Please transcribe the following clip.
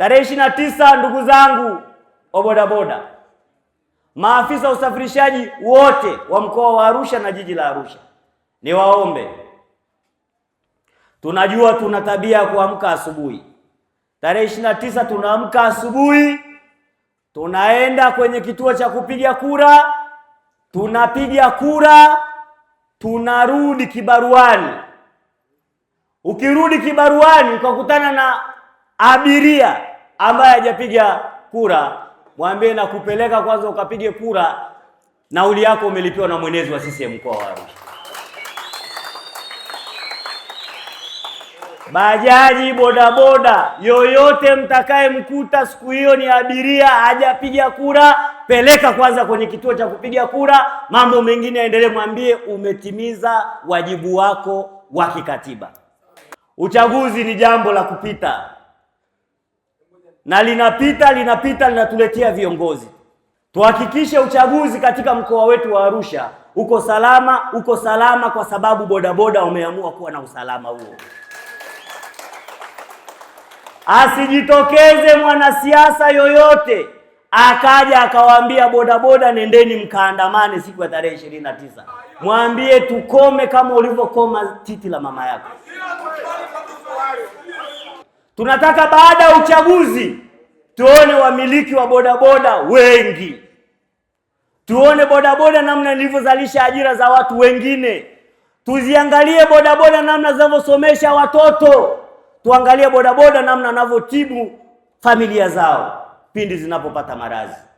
Tarehe ishirini na tisa, ndugu zangu wa bodaboda, maafisa wa usafirishaji wote wa mkoa wa Arusha na jiji la Arusha, niwaombe. Tunajua tuna tabia ya kuamka asubuhi. Tarehe ishirini na tisa tunaamka asubuhi, tunaenda kwenye kituo cha kupiga kura, tunapiga kura, tunarudi kibaruani. Ukirudi kibaruani ukakutana na abiria ambaye hajapiga kura mwambie na kupeleka kwanza ukapige kura, nauli yako umelipiwa na mwenezi wa CCM mkoa wa Arusha. Bajaji, bodaboda, yoyote mtakayemkuta siku hiyo ni abiria hajapiga kura, peleka kwanza kwenye kituo cha kupiga kura, mambo mengine aendelee Mwambie umetimiza wajibu wako wa kikatiba. Uchaguzi ni jambo la kupita na linapita linapita linatuletea viongozi. Tuhakikishe uchaguzi katika mkoa wetu wa Arusha uko salama, uko salama kwa sababu bodaboda wameamua kuwa na usalama huo. Asijitokeze mwanasiasa yoyote akaja akawaambia bodaboda, nendeni mkaandamane siku ya tarehe ishirini na tisa. Mwambie tukome kama ulivyokoma titi la mama yako. Tunataka baada ya uchaguzi tuone wamiliki wa bodaboda wengi, tuone bodaboda namna ilivyozalisha ajira za watu wengine, tuziangalie bodaboda namna zinavyosomesha watoto, tuangalie bodaboda namna anavyotibu familia zao pindi zinapopata maradhi.